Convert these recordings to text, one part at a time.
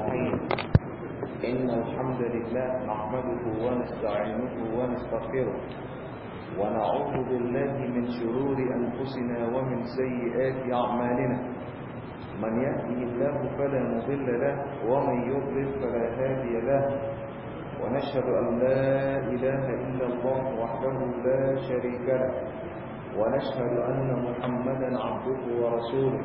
الرحيم إن الحمد لله نحمده ونستعينه ونستغفره ونعوذ بالله من شرور أنفسنا ومن سيئات أعمالنا من يهدي الله فلا مضل له ومن يضلل فلا هادي له ونشهد أن لا إله إلا الله وحده لا شريك له ونشهد أن محمدا عبده ورسوله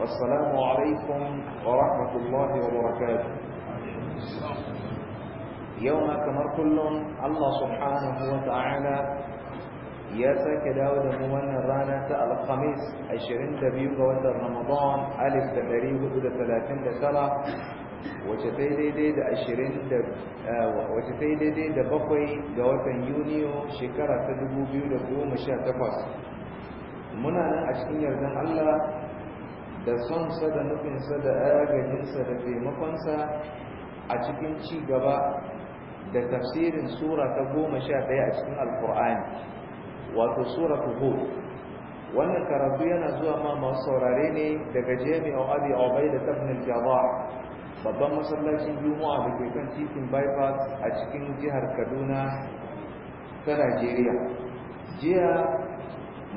والسلام عليكم ورحمة الله وبركاته يوم كمر كل الله سبحانه وتعالى يا ساك داود موانا رانا الخميس عشرين دبيو قوات رمضان ألف دبري وقود ثلاثين دسالة وشتيدي دي عشرين دب آه، وشتيدي دي دبقوي قوات يونيو شكرا تدبو بيو دبو مشاة تفاس منا أشكين يرزان الله da son sa da nufinsa da agajinsa da taimakonsa a cikin ci gaba da tafsirin sura ta goma sha ɗaya a cikin alkur'ani wato sura hud wannan karatu yana zuwa ma masu saurare ne daga jami'a abi obai da tafnin jaba babban masallacin juma'a da ke kan titin bypass a cikin jihar kaduna ta najeriya jiya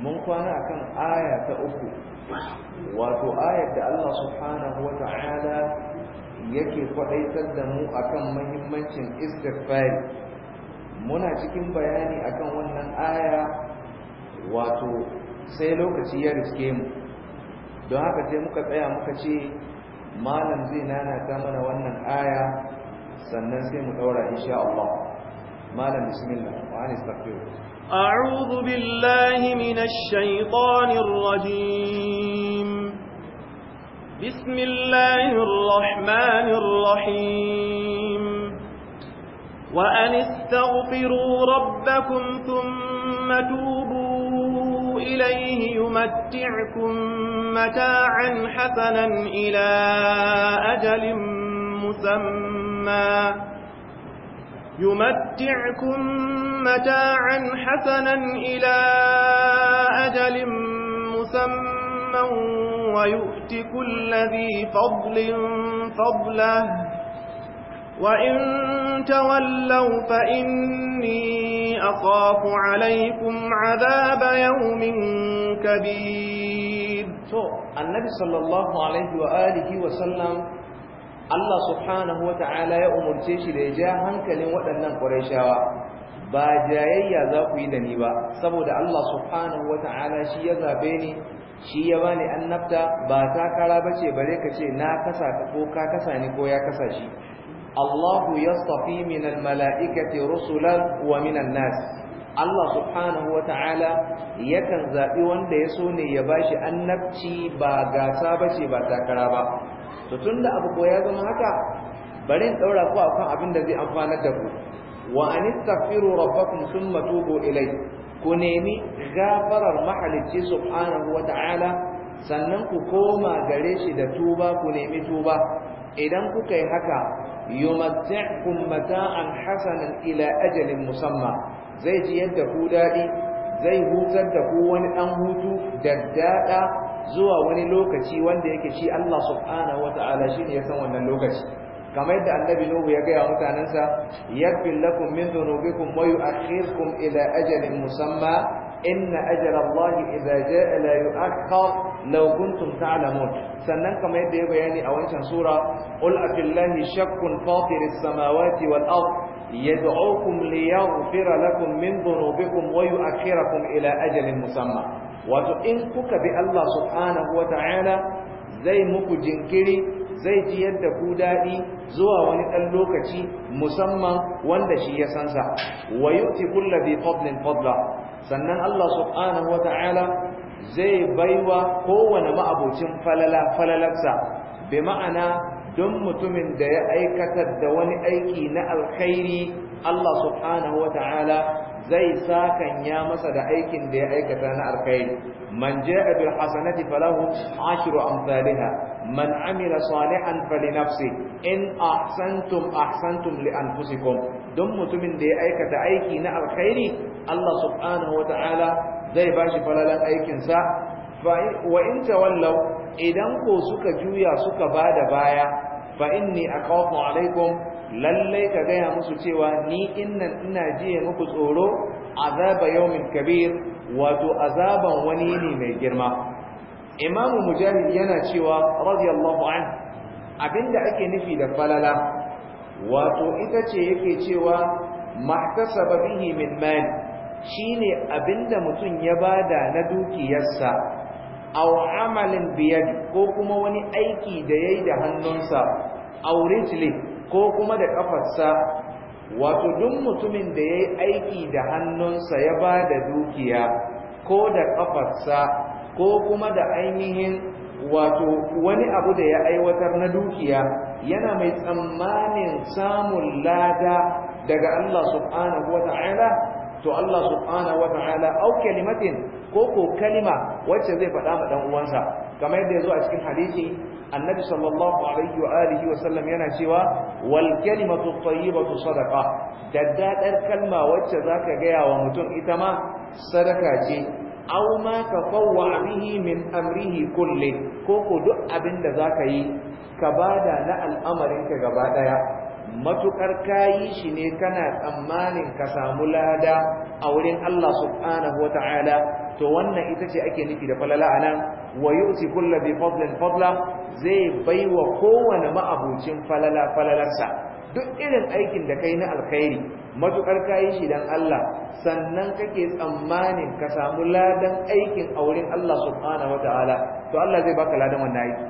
mun kwana akan aya ta uku wato ayar da Allah subhanahu wata'ala yake kwadaitar da mu akan mahimmancin istighfari muna cikin bayani akan wannan aya wato sai lokaci ya riske mu don haka sai muka tsaya muka ce malam zai nanata mana wannan aya sannan sai mu daura insha Allah malam bismillah wa anistaghfir أعوذ بالله بسم الله الرحمن الرحيم وأن استغفروا ربكم ثم توبوا إليه يمتعكم متاعا حسنا إلى أجل مسمى يمتعكم متاعا حسنا إلى أجل مسمى رحما ويؤت كل ta فضل inni وإن تولوا فإني أخاف عليكم عذاب يوم كبير النبي صلى الله عليه وآله وسلم Allah subhanahu wa ta'ala ya umarce shi da ya ja hankalin waɗannan ƙwarishawa ba jayayya za ku yi da ni ba saboda Allah subhanahu wa ta'ala shi ya zaɓe ni shi ya bani annabta ba takara bace bare ka ce na kasa ka ko ka kasa ni ko ya kasa shi Allahu yastafi min almalaikati rusulan wa min nas Allah subhanahu wa ta'ala yakan zaɓi wanda ya so ne ya bashi annabci ba gasa bace ba takara ba to tunda abu ko ya zama haka bari in ko ku akan abin da zai amfanar da ku wa anistaghfiru rabbakum thumma tubu ilayhi ku nemi gafarar mahalicci subhanahu wata'ala sannan ku koma gare shi da tuba ku nemi tuba idan kuka yi haka yumatti'kum mata'an hasanan ila ajalin musamma zai ji yadda ku dadi zai hutar da ku wani dan hutu daddada zuwa wani lokaci wanda yake shi Allah subhanahu wata'ala ne ya san wannan lokaci kamar da annabi Nuhu ya gaya mutanensa yaghfir lakum min dhunubikum wa yu'akhirkum ila ajalin musamma inna ajala Allahi idza jaa la yu'akhkhar law kuntum ta'lamun sannan kamar yadda ya bayani a wancan sura qul a'billahi shakkun fatir as-samawati wal ard yad'ukum liyaghfir lakum min dhunubikum wa yu'akhirakum ila ajalin musamma wato in kuka bi Allah subhanahu wa ta'ala zai muku jinkiri zai ji yadda ku daɗi zuwa wani ɗan lokaci musamman wanda shi ya sansa wa yu'ti kullu bi sannan Allah subhanahu wa ta'ala zai baiwa kowane ma'abocin falala falalarsa bi ma'ana don mutumin da ya aikatar da wani aiki na alkhairi Allah subhanahu wa ta'ala zai sakanya masa da aikin da ya aikata na alkhairi man ja'a bil hasanati falahu ashru amsalha man amila salihan fali nafsi in ahsantum ahsantum li anfusikum don mutumin da ya aikata aiki na alkhairi Allah subhanahu Ta'ala, zai bashi falalan aikinsa wa in tawallaw idan ko suka juya suka ba da baya fa inni akhafu alaikum lallai ka gaya musu cewa ni innan ina jiye muku tsoro azaba yawmin kabir wato azaban wani ne mai girma imamu mujahid yana cewa radiyallahu an abinda ake nufi da falala wato ita ce yake cewa mahtasaba bihi min mal shine abinda mutum ya bada na dukiyarsa aw amalin biyad ko kuma wani aiki da yayi da hannunsa aw rijli ko kuma da kafarsa wato duk mutumin da yayi aiki da hannunsa ya bada dukiya ko da kafarsa ko kuma da ainihin wato wani abu da ya aiwatar na dukiya yana mai tsammanin samun lada daga Allah subhanahu wa ta'ala to Allah subhanahu wa ta'ala au kalimatin ko ko kalima wacce zai faɗa ma dan uwansa kamar yadda yazo a cikin hadisi annabi sallallahu alaihi wa alihi wa sallam yana cewa wal kalimatu tayyibatu sadaqa daddadar kalma wacce zaka ga wa mutum ita ma sadaka ce aw ma tafawwa bihi min amrihi kulli ko ko duk abin da zaka yi ka bada na al'amarin ka gaba daya matukar kayi shi ne kana tsammanin ka samu lada a wurin Allah subhanahu ta'ala to wannan ita ce ake nufi da falala anan wa yu'ti kullu bi fadlin fadla zai baiwa kowane ma'abucin falala falalarsa duk irin aikin da kai na alkhairi matukar kayi shi dan Allah sannan kake tsammanin ka samu ladan aikin auren Allah subhanahu wataala to Allah zai baka ladan wannan aiki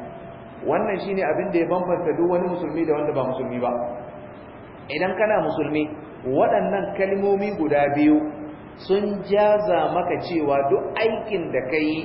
wannan shine abin da ya bambanta duk wani musulmi da wanda ba musulmi ba idan kana musulmi waɗannan kalmomi guda biyu sun jaza maka cewa duk aikin da ka yi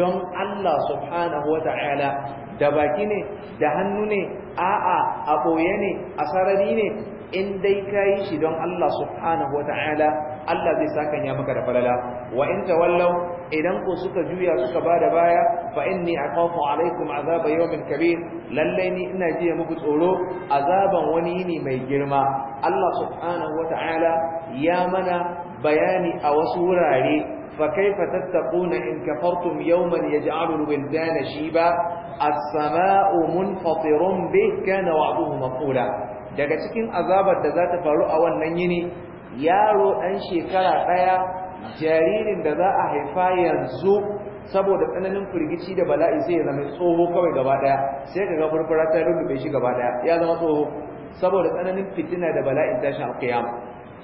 don Allah subhanahu wataala da baki ne da hannu ne a'a a ɓoye ne a sarari ne in dai kayi shi don Allah subhanahu ta'ala, Allah zai saka ya maka da falala wa in tawallaw idan ko suka juya suka ba da baya fa a akhafu alaikum azaba yawmin kabir lalle ni ina jiya muku tsoro azaban wani ne mai girma Allah subhanahu ta'ala ya mana bayani a wasu wurare ya تتقون إن كفرتم shi ba, a شيبا السماء منفطر به كان وعده مقولا daga cikin azabar da za ta faru a wannan yini yaro ɗan shekara ɗaya jaririn da za a haifa yanzu saboda tsananin firgici da bala'i sai ya zama tsoho kawai gaba ɗaya sai ka ga furfura ta lullube shi gaba ɗaya ya zama tsoho saboda tsananin fitina da bala'i tashin alkiyama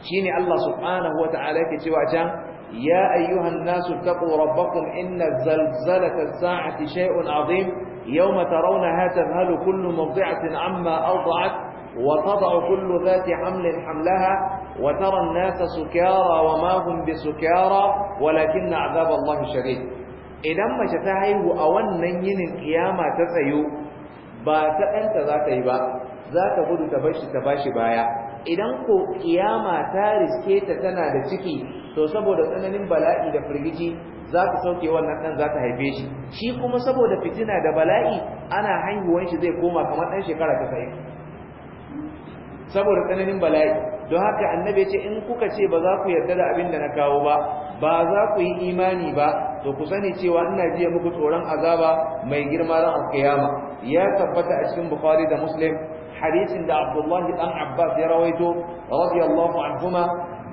shine Allah subhanahu wa ta'ala yake cewa can ya ayyuhan nasu taqu rabbakum inna zalzalata as-sa'ati shay'un 'azim yawma tarawnaha tadhhalu kullu mawdi'atin 'amma awda'at وتضع كل ذات حمل حملها وترى الناس سكارى وما هم بسكارى ولكن عذاب الله شديد idan mace ta haihu a wannan yinin kiyama ta tsayo ba ta ɗanta za ta yi ba za ta gudu ta bashi ta bashi baya idan ko kiyama ta riske ta tana da ciki to saboda tsananin bala'i da firgici za ta sauke wannan ɗan za ta haife shi shi kuma saboda fitina da bala'i ana haihuwan shi zai koma kamar ɗan shekara ta sayi saboda tsananin bala'i don haka annabi ya ce in kuka ce ba za ku yarda da abin da na kawo ba ba za ku yi imani ba to ku sani cewa ina jiya muku tsoron azaba mai girma ran alkiyama ya tabbata a cikin bukhari da muslim hadisin da abdullahi dan abbas ya rawaito radiyallahu anhuma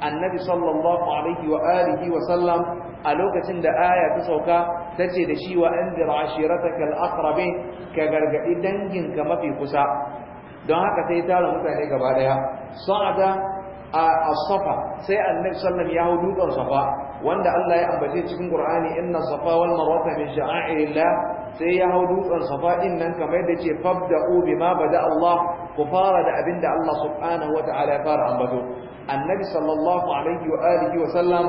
annabi sallallahu alaihi wa alihi wa sallam a lokacin da aya ta sauka ta ce da shi wa anzir ashirataka al-aqrabin ka gargadi danginka mafi kusa don haka sai tara mutane gaba daya sa'ada a safa sai annabi sallam ya hau dutsen safa wanda Allah ya ambace cikin Qur'ani inna safa wal marwa min sha'airillah sai ya hau dutsen safa innan nan kamar yadda yake fabda'u bima bada Allah ku fara da abinda Allah subhanahu wata'ala ya fara ambato annabi sallallahu alaihi wa alihi wa sallam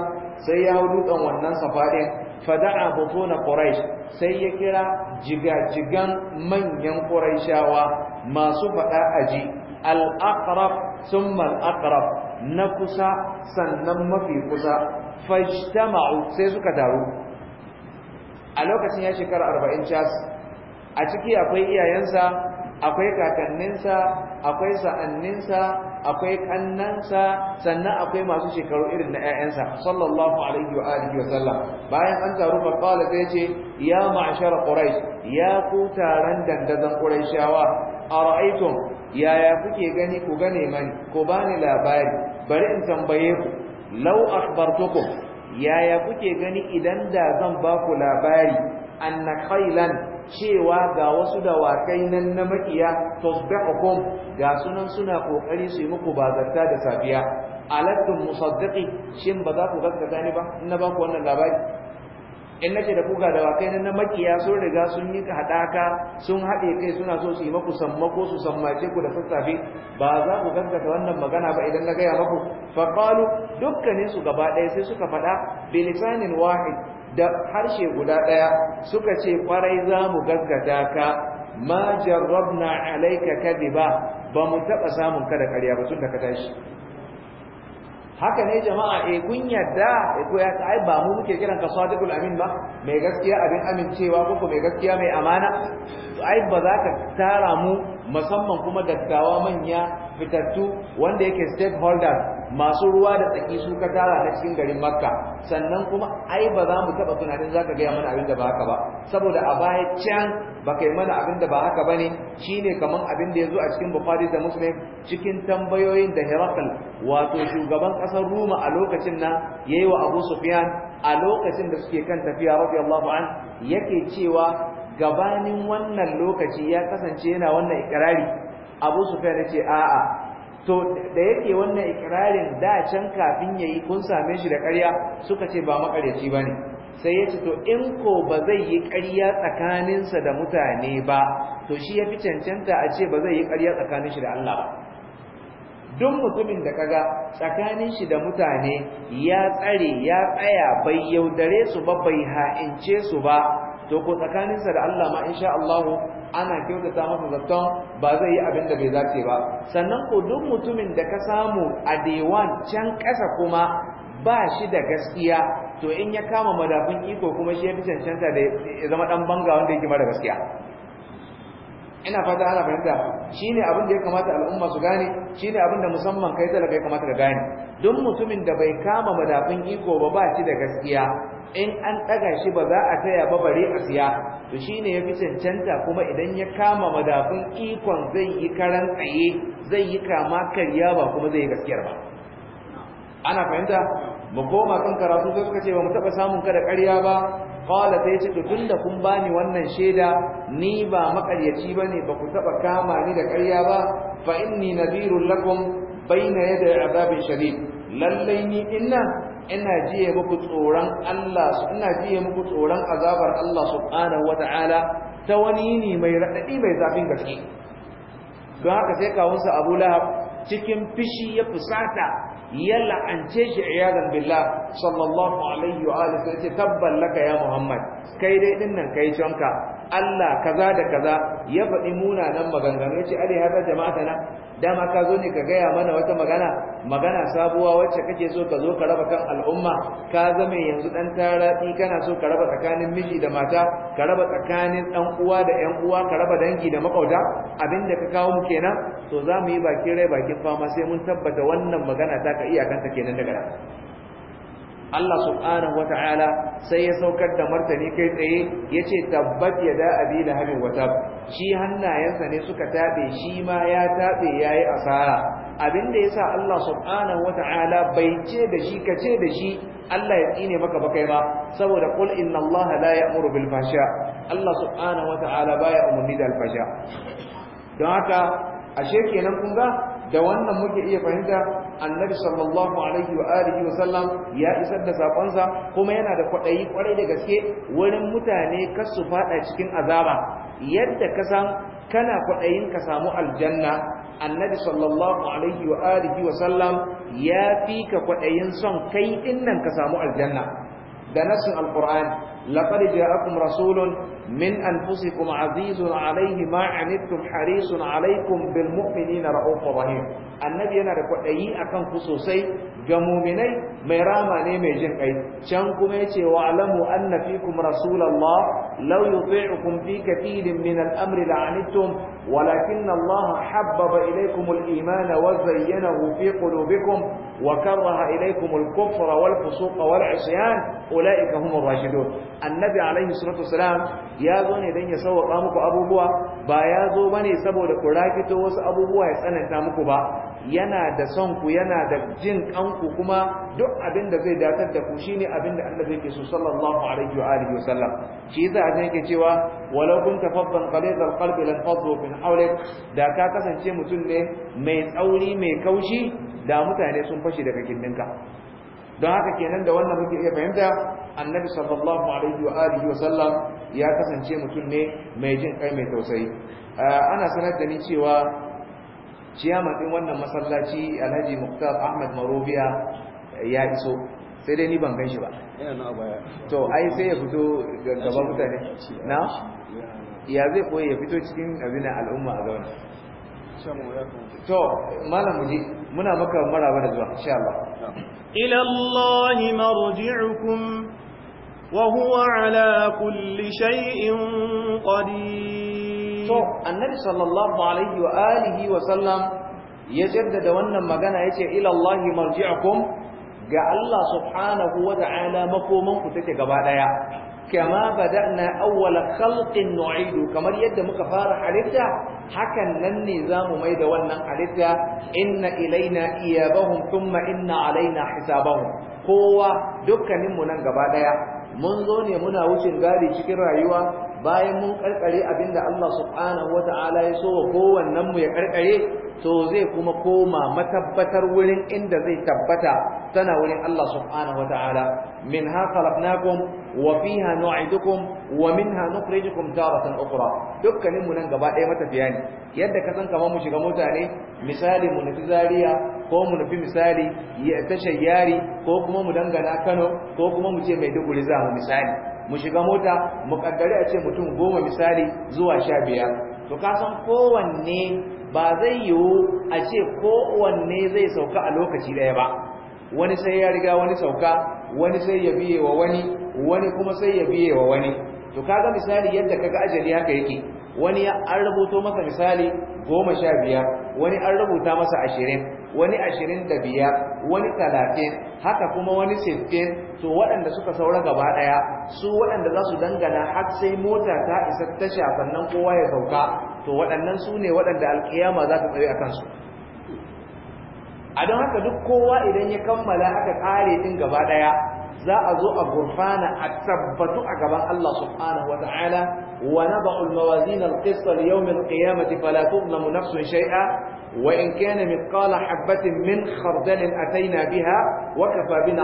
sai ya hau dutsen wannan safa din fada'a butuna quraish sai ya kira jigajigan manyan quraishawa masu fada a ji. aqrab thumma al-aqrab na kusa sannan mafi kusa fajtama'u sai suka taru a lokacin ya shekara 40 cas a ciki akwai iyayensa akwai kakanninsa akwai sa'anninsa akwai kannansa sannan akwai masu shekaru irin na ƴaƴansa sallallahu alaihi wa alihi wa sallam bayan an taru fa qala sai ce ya ma'shar quraish ya ku taran dandazan quraishawa ara'aytum yaya kuke gani ku gane mani ku bani labari bari in tambaye ku law akhbartukum yaya kuke gani idan da zan ba ku labari anna khailan cewa ga wasu dawakai nan na makiya tasbihukum ga sunan suna kokari su yi muku bazarta da safiya alattum musaddiqi shin ba za ku gaskata ni ba in na ba ku wannan labari in nace da kuka dawakai nan na makiya sun riga sun yi hadaka sun haɗe kai suna so su yi muku sammako su sammace ku da sassafe ba za ku gaskata wannan magana ba idan na gaya muku fa qalu dukkanin su gaba ɗaya sai suka faɗa bilisanin wahid da harshe guda ɗaya suka ce kwarai za mu gaggata ka ma jarrabna alaika kadiba ba mu taɓa samun ka da ƙarya ba tun da ka tashi haka ne jama'a eh kun yadda eh ko ya ai ba mu muke kiran ka sadiqul amin ba mai gaskiya abin amincewa ko mai gaskiya mai amana to ai ba za ka tara mu musamman kuma dattawa manya fitattu wanda yake stakeholder masu ruwa da tsaki su ka tara na cikin garin makka sannan kuma ai ba za mu taɓa tunanin za ka gaya mana abin da ba haka ba saboda a baya can ba kai mana abin da ba haka ba ne shi ne kamar abin da ya zo a cikin bukari da muslim cikin tambayoyin da herakal wato shugaban ƙasar Ruma a lokacin nan ya yi wa abu Sufiyan a lokacin da suke kan tafiya allahu an yake cewa gabanin wannan lokaci ya kasance yana wannan ikirari abu Sufiyan ya ce a'a to da yake wannan ikirarin da can kafin yayi kun same shi da ƙarya suka ce ba makaryaci ne, sai ya ce to in ko ba zai yi ƙarya tsakaninsa da mutane ba to shi ya fi cancanta a ce ba zai yi ƙarya tsakanin shi da Allah ba duk mutumin da kaga tsakanin shi da mutane ya tsare ya tsaya bai yaudare su ba bai ha'ince su ba to ko tsakaninsa da Allah ma insha Allah ana kyautata masa zaton ba zai yi abin da bai dace ba sannan ko duk mutumin da ka samu a dewan can ƙasa kuma ba shi da gaskiya to in ya kama madafin iko kuma shi ya fi cancanta da ya zama dan banga wanda yake mara gaskiya ina fata ana fahimta shine abin da ya kamata al'umma su gane shine abin da musamman kai talaka ya kamata ka gane duk mutumin da bai kama madafin iko ba ba shi da gaskiya in an ɗaga shi ba za a taya ba bare a siya to shine ya fi cancanta kuma idan ya kama madafin ikon zai yi karan tsaye zai yi kama karya ba kuma zai yi gaskiyar ba ana fahimta mu koma kan karatu sai suka ce ba mu taɓa samun kada karya ba qala sai ce to tunda kun bani wannan shaida ni ba makaryaci bane ba ku taɓa kama ni da karya ba fa inni nadhirul lakum yadda ya azabin shadid lallai ni inna ina jiye muku tsoron Allah ina jiye muku tsoron azabar Allah subhanahu wata'ala ta wani ne mai raɗaɗi mai zafin gaske don haka sai kawunsa Abu Lahab cikin fishi ya fusata ya la'ance shi iyadan billah sallallahu alaihi wa alihi sai ce tabban laka ya Muhammad kai dai din nan kai cionka Allah kaza da kaza ya faɗi munanan maganganu ya ce alai hada jama'atana dama ka zo ne ka gaya mana wata magana magana sabuwa wacce kake so ka zo ka raba kan al'umma ka zama yanzu dan taraɗi kana so ka raba tsakanin miji da mata ka raba tsakanin dan uwa da yan uwa ka raba dangi da makauta abinda ka kawo mu kenan to za mu yi bakin rai bakin fama sai mun tabbata wannan magana ta ka iya kanta kenan daga nan Allah subhanahu wata'ala sai ya saukar da martani kai tsaye yace tabbat yada abi lahabin watab shi hannayensa ne suka tabe shi ma ya tabe yayi asara abinda yasa Allah subhanahu wata'ala bai ce da shi kace da shi Allah ya tsine maka ba kai ba saboda qul inna Allah la ya'muru bil fahsha Allah subhanahu wata'ala baya umurni da al don haka ashe kenan kun ga da wannan muke iya fahimta annabi sallallahu alaihi wa alihi wa sallam ya isar da sakonsa kuma yana da kwadayi kwarai da gaske wurin mutane kar su fada cikin azaba yadda ka san kana kwadayin ka samu aljanna annabi sallallahu alaihi wa alihi wa sallam ya fi ka kwadayin son kai nan ka samu aljanna da nasin alqur'ani لقد rasulun, min anfusikum azizu عزيز عليه ما عنتم حريص عليكم بالمؤمنين رؤوف رحيم annabi yana da kwaɗayi akan ku sosai ga muminai mai rama ne mai jin kai can kuma ya ce wa alamu anna fikum rasulallah law yuti'ukum fi kathirin min al-amri la'anittum ولكن الله حبب إليكم الإيمان وزينه في قلوبكم وكره إليكم الكفر والفسوق والعصيان أولئك هم الراشدون النبي عليه الصلاة والسلام يا ذوني دين يسوى قامك أبو بوا با يا ذو بني سبو لكراكتو وس أبو بوا يسألن تامك با yana da son ku yana da jin kanku kuma duk abin da zai datar da ku shine abin da Allah yake so sallallahu alaihi wa alihi wasallam shi yasa a yake cewa walau kunta faddan qalidal qalbi lan faddu min hawlik da ka kasance mutum ne mai tsauri mai kaushi da mutane sun fashe daga kindinka don haka kenan da wannan muke iya fahimta annabi sallallahu alaihi wa alihi wasallam ya kasance mutum ne mai jin kai mai tausayi ana sanar da ni cewa ciyaman din wannan masallaci Alhaji Muktar Ahmad marubiya ya iso sai dai ni ban gan shi ba to ai sai ya fito gaban mutane na ya zai koya ya fito cikin abin al'umma a zaune to malam muji muna maka maraba da zuwa insha Allah ila Allah marji'ukum wa huwa ala kulli shay'in qadir to annabi sallallahu alaihi wa alihi wa sallam ya jaddada wannan magana yace ila Allah marji'ukum ga Allah subhanahu wa ta'ala makoman ku take gaba daya kama bada'na awwala khalqin nu'idu kamar yadda muka fara halitta hakan nan ne zamu mai da wannan halitta inna ilaina iyabahum thumma inna alaina hisabahum kowa dukkanin mu nan gaba daya mun zo ne muna wucin gadi cikin rayuwa bayan mun karkare abinda Allah subhanahu wata'ala ya so wa kowannen mu ya karkare to zai kuma koma matabbatar wurin inda zai tabbata tana wurin Allah subhanahu wata'ala ha khalaqnakum wa fiha nu'idukum wa minha nukhrijukum taratan ukhra dukkanin mu nan gaba ɗaya matafiya ne yadda ka san kamar mu shiga mutane, misali mu nufi Zaria ko mu nufi misali ya tashar yari ko kuma mu dangana Kano ko kuma mu ce Maiduguri za mu misali mu shiga mota mu kaddare a ce mutum goma misali zuwa sha biyar to ka san kowanne ba zai yiwu a ce kowanne zai sauka a lokaci daya ba wani sai ya riga wani sauka wani sai ya biye wa wani wani kuma sai ya biye wa wani to kaga misali yadda kaga ajali haka yake wani an rubuto masa misali goma sha biyar wani an rubuta masa ashirin wani ashirin da biyar wani talatin haka kuma wani sittin to waɗanda suka saura gaba ɗaya su waɗanda za su dangana har sai mota ta isa tasha sannan kowa ya sauka to waɗannan su ne waɗanda alƙiyama za ta tsaye a kansu a don haka duk kowa idan ya kammala aka kare din gaba ɗaya za a zo a gurfana a tabbatu a gaban Allah subhanahu wa ta'ala wa naba'ul mawazin al-qist li yawm al-qiyamati fala tuzlamu nafsun shay'a وإن كان مثقال حبة من خردل أتينا بها وكفى بنا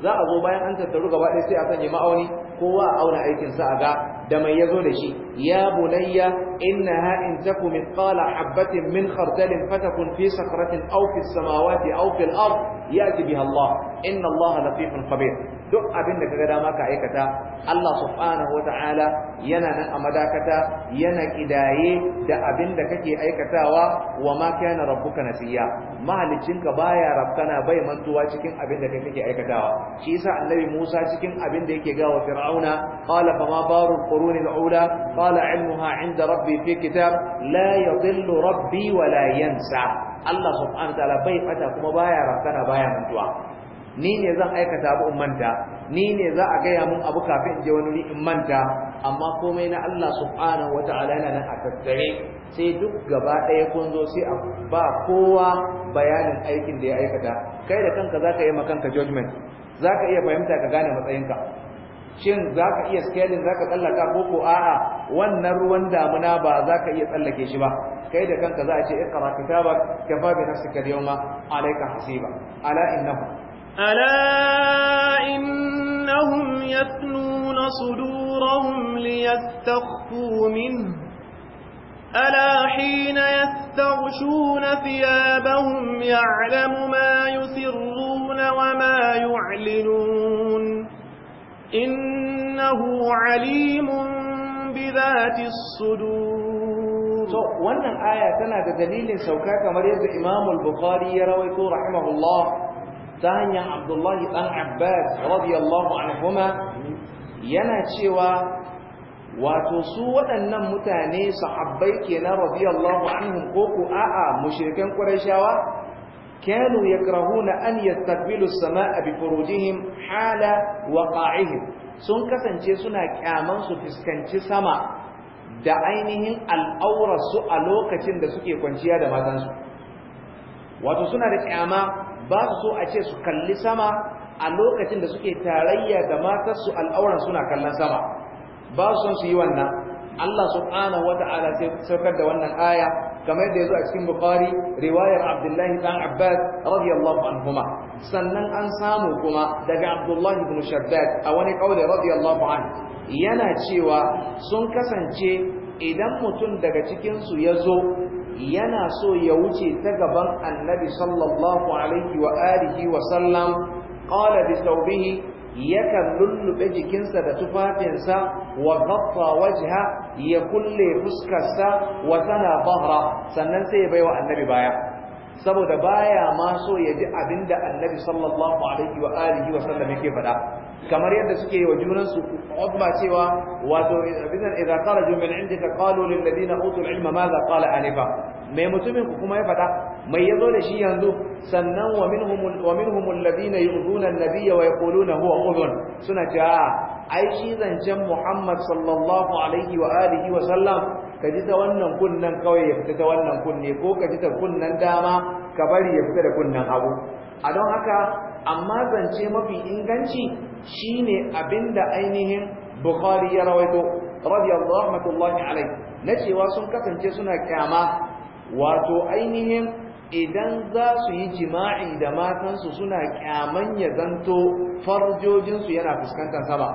za a zo bayan an tattaru gaba ɗaya sai a sanya ma'auni kowa a auna aikin sa a ga da mai yazo da shi ya bunayya innaha in taku mithqala habatin min khardalin fatakun fi sakratin aw fi samawati aw fil ard ya'ti biha Allah inna Allah latifun khabir duk abin da kaga dama ka aikata Allah subhanahu wata'ala yana nan a madakata yana kidaye da abin da kake aikatawa wa ma kana rabbuka nasiya mahalicinka baya rabkana bai mantuwa cikin abin da kake aikatawa shi yasa annabi Musa cikin abin da yake gawa fir'auna qala fama baru al-qurun al-ula qala ilmuha 'inda rabbi fi kitab la yadhillu rabbi wa la yansa Allah subhanahu wa bai fata kuma baya rabkana baya mantuwa ni ne zan aikata abu in manta ni ne za a gaya mun abu kafin in je wani ni in manta amma komai na Allah subhanahu wataala yana nan a tattare sai duk gaba ɗaya kun zo sai a ba kowa bayanin aikin da ya aikata kai da kanka zaka yi makanka judgment zaka iya fahimta ka gane matsayinka shin zaka iya scaling zaka tsallaka ko ko a'a wannan ruwan damuna ba zaka iya tsallake shi ba kai da kanka za a ce iqra kitabak kafa bi nafsika al-yawma alayka hasiba ala innahu ألا إنهم يثنون صدورهم ليستخفوا منه ألا حين يستغشون ثيابهم يعلم ما يسرون وما يعلنون إنه عليم بذات الصدور so, wannan aya tana da dalilin sauka kamar yadda Imam al-Bukhari ya rawaito rahimahullah ta abdullahi ɗan abbas radiyallahu anhuma yana cewa wato su waɗannan mutane sahabbai kenan radiyallahu anhum ko ko a'a mushrikan qurayshawa kanu yakrahuna an yastaqbilu as-samaa'a bi furujihim hala waqa'ihim sun kasance suna kyaman su fuskanci sama da ainihin al'aurar su a lokacin da suke kwanciya da matansu wato suna da kyama ba su so a ce su kalli sama a lokacin da suke tarayya da matarsu al'auran suna kallon sama ba su son su yi wannan Allah subhanahu wata'ala sai saukar da wannan aya kamar yadda yazo a cikin Bukhari riwayar Abdullahi dan Abbas radiyallahu anhuma sannan an samu kuma daga Abdullahi ibn Shaddad a wani kauli radiyallahu anhu yana cewa sun kasance idan mutum daga cikin su yazo yana so ya wuce ta gaban annabi sallallahu alaihi wa alihi wa sallam qala bi thawbihi yakan lullube jikinsa da tufafinsa wa ghatta wajha ya kulle fuskarsa wa tana bahra sannan sai ya baiwa annabi baya saboda baya ma so ya ji abinda annabi sallallahu alaihi wa alihi wa sallam yake faɗa kamar yadda suke yi wa junansu عقبة cewa wato idan idza kharaju min indika qalu lil ladina utul ilma madha qala anifa mai mutumin ku kuma ya fada mai yazo da shi yanzu sannan wa minhum wa minhum alladina yu'duna an-nabiyya wa yaquluna huwa udhun suna cewa ai shi zancen Muhammad sallallahu alaihi wa alihi wa sallam ka ji ta wannan kunnan kawai ya fita ta wannan kunne ko ka ji ta kunnan dama ka bari ya fita da kunnan abu. a don haka amma zance mafi inganci shine abinda ainihin bukhari ya rawaito radiyallahu rahmatullahi alaihi na cewa sun kasance suna kyama wato ainihin idan za su yi jima'i da matansu suna kyaman ya zanto farjojinsu yana fuskantar sama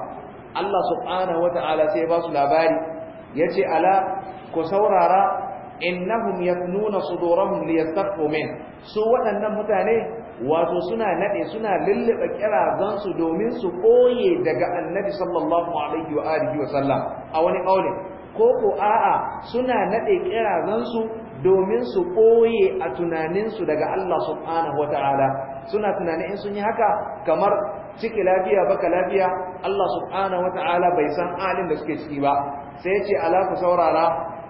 Allah subhanahu wata'ala sai ba su labari yace ala ku saurara innahum yaknuna sudurahum liyastaghfu min su waɗannan mutane wato suna nade suna lullube don su domin su koye daga annabi sallallahu alaihi wa alihi wa sallam a wani kauli ko ko a'a suna nade don su domin su koye a tunanin su daga Allah subhanahu wa suna tunanin in sun yi haka kamar ciki lafiya baka lafiya Allah subhanahu wa bai san alin da suke ciki ba sai ya ce ala ku saurara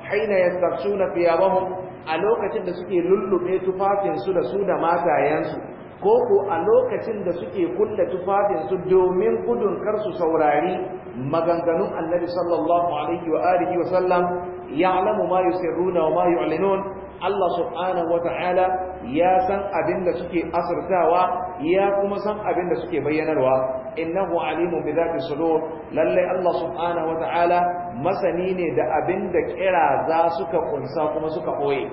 haina yastarshuna thiyabahum a lokacin da suke lullube tufafinsu da su da matayensu ko ko a lokacin da suke kulle tufafinsu domin gudun kar su saurari maganganun annabi sallallahu alaihi wa alihi wa sallam ya'lamu ma yusirruna wa ma yu'linun Allah subhanahu wa ta'ala ya san abin da suke asirtawa ya kuma san abin da suke bayyanarwa innahu alimun bi dhati sudur lalle Allah subhanahu wa ta'ala masani ne da abin da kira za suka kunsa kuma suka boye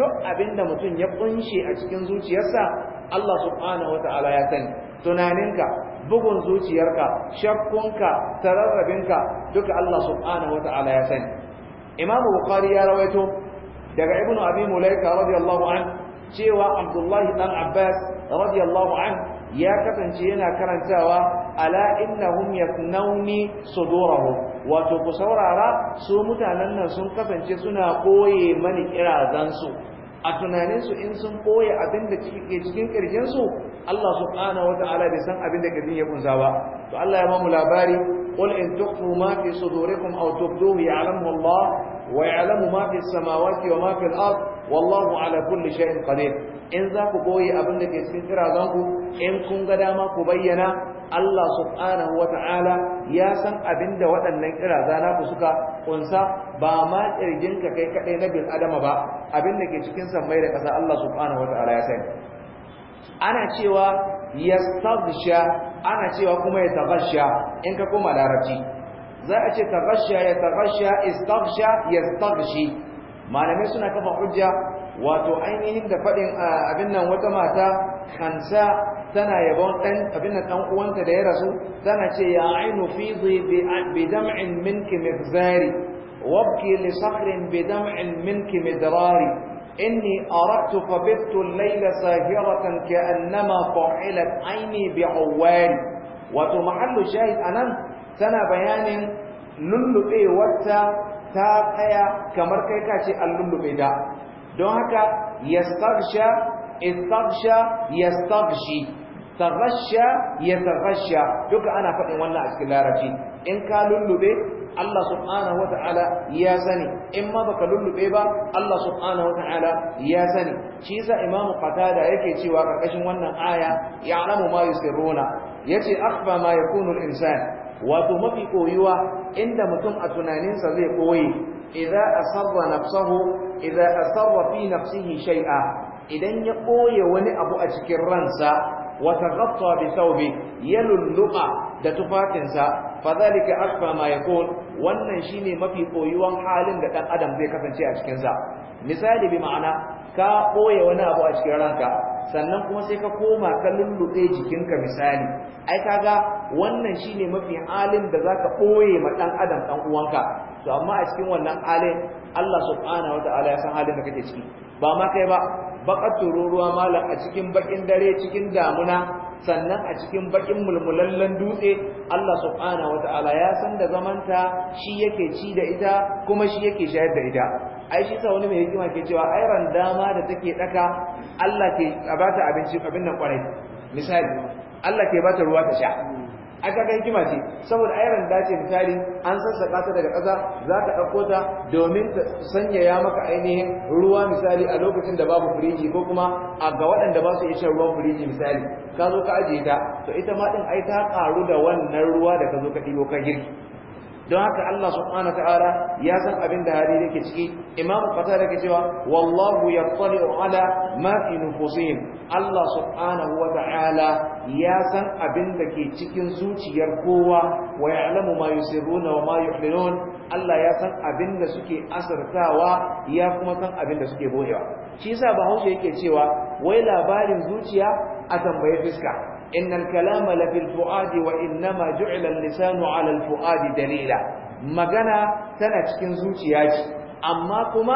duk abin da mutum ya kunshe a cikin zuciyarsa Allah subhanahu wata'ala ya sani tunaninka bugun zuciyarka shakkunka tararrabinka duka Allah subhanahu wata'ala ya sani Imam Bukhari ya rawaito daga Ibn Abi Mulaika radiyallahu an cewa Abdullahi Ɗan Abbas radiyallahu an ya kasance yana karantawa ala innahum yaknawni sudurahum wato ku saurara su mutanen nan sun kasance suna koye mani kirazansu a tunaninsu in sun ɓoye abin da ke cikin ƙirjinsu Allah subhanahu wata'ala bai san abin da ƙirjin ya kunsa ba to Allah ya mamu labari qul in tukhfu ma fi sudurikum aw tubduhu ya'lamu Allah wa ya'lamu ma fi samawati wa ma fi al-ard wallahu ala kulli shay'in qadir in za ku boye abin da ke cikin kirazanku in kun ga dama ku bayyana Allah subhanahu wa ta'ala ya san abin da waɗannan ƙiraza naku suka kunsa ba ma kirgin ka kai kaɗai na bil adama ba abin da ke cikin sammai da ƙasa Allah subhanahu wa ta'ala ya sani ana cewa ya yastaghsha ana cewa kuma ya taghasha in ka koma larabci za a ce taghasha ya istabsha ya yastaghshi malamai suna kafa hujja wato ainihin da faɗin abin nan wata mata kansa tana yabon ɗan abin nan ɗan uwanta da ya rasu tana ce ya ainu fi bi dam'in minki mifzari wabki li sakhrin bi dam'in minki midrari inni araktu fabittu layla sahiratan ka'annama fa'ilat aini bi awwari wato mahallu shahid anan tana bayanin wata ta tsaya kamar kai ka ce an lullube da don haka yastaghsha istaghsha yastaghshi taghasha yataghasha duka ana faɗin wannan a cikin larabci in ka lullube Allah subhanahu wata'ala ya sani in ma baka lullube ba Allah subhanahu wata'ala ya sani shi yasa Imam Qatada yake cewa karkashin wannan aya ya'lamu ma yusirruna yace akhfa ma yakunu al-insan wato mafi koyuwa inda mutum a tunaninsa zai koyi idza asarra nafsahu idza asarra fi nafsihi shay'a idan ya koye wani abu a cikin ransa wa taghatta bi thawbi yalulluqa da tufafinsa fa zalika akfa ma yakun wannan shine mafi koyuwan halin da dan adam zai kasance a cikin sa misali bi ma'ana ka koye wani abu a cikin ranka sannan kuma sai ka koma ka lulluɗe jikinka misali ai kaga wannan shine mafi halin da zaka koye ma dan adam dan uwanka to amma a cikin wannan halin Allah subhanahu wataala ya san halin da kake ciki ba ma kai ba bakar tururuwa malam a cikin bakin dare cikin damuna sannan a cikin bakin mulmulallan dutse Allah subhanahu wataala ya san da zamanta shi yake ci da ita kuma shi yake shayar da ita ai shi sa wani mai hikima ke cewa ai dama da take daka Allah ke bata abinci abin nan kwarai misali Allah ke bata ruwa ta sha aka kan kima ce saboda ayaran da ce misali an sassaka ta daga ƙasa za ka ɗauko ta domin ta sanyaya maka ainihin ruwa misali a lokacin da babu firiji ko kuma a ga waɗanda ba su iya shan ruwan firiji misali ka zo ka ajiye ta to ita ma ɗin ai ta ƙaru da wannan ruwa da ka zo ka ko ka girki don haka Allah subhanahu ya san abin da hali yake ciki imamu fata yake ke cewa wallahu yattali'u ala ma fi nufusihim Allah subhanahu ta'ala ya san abin da ke cikin zuciyar kowa wa ya'lamu ma yusirruna wa ma yu'linun Allah ya san abin da suke asartawa ya kuma san abin da suke boyewa shi yasa bahaushe yake cewa wai labarin zuciya a tambaye fiska إن الكلام لفي الفؤاد وإنما جعل اللسان على الفؤاد دليلا مغانا تنا cikin zuciya ce amma kuma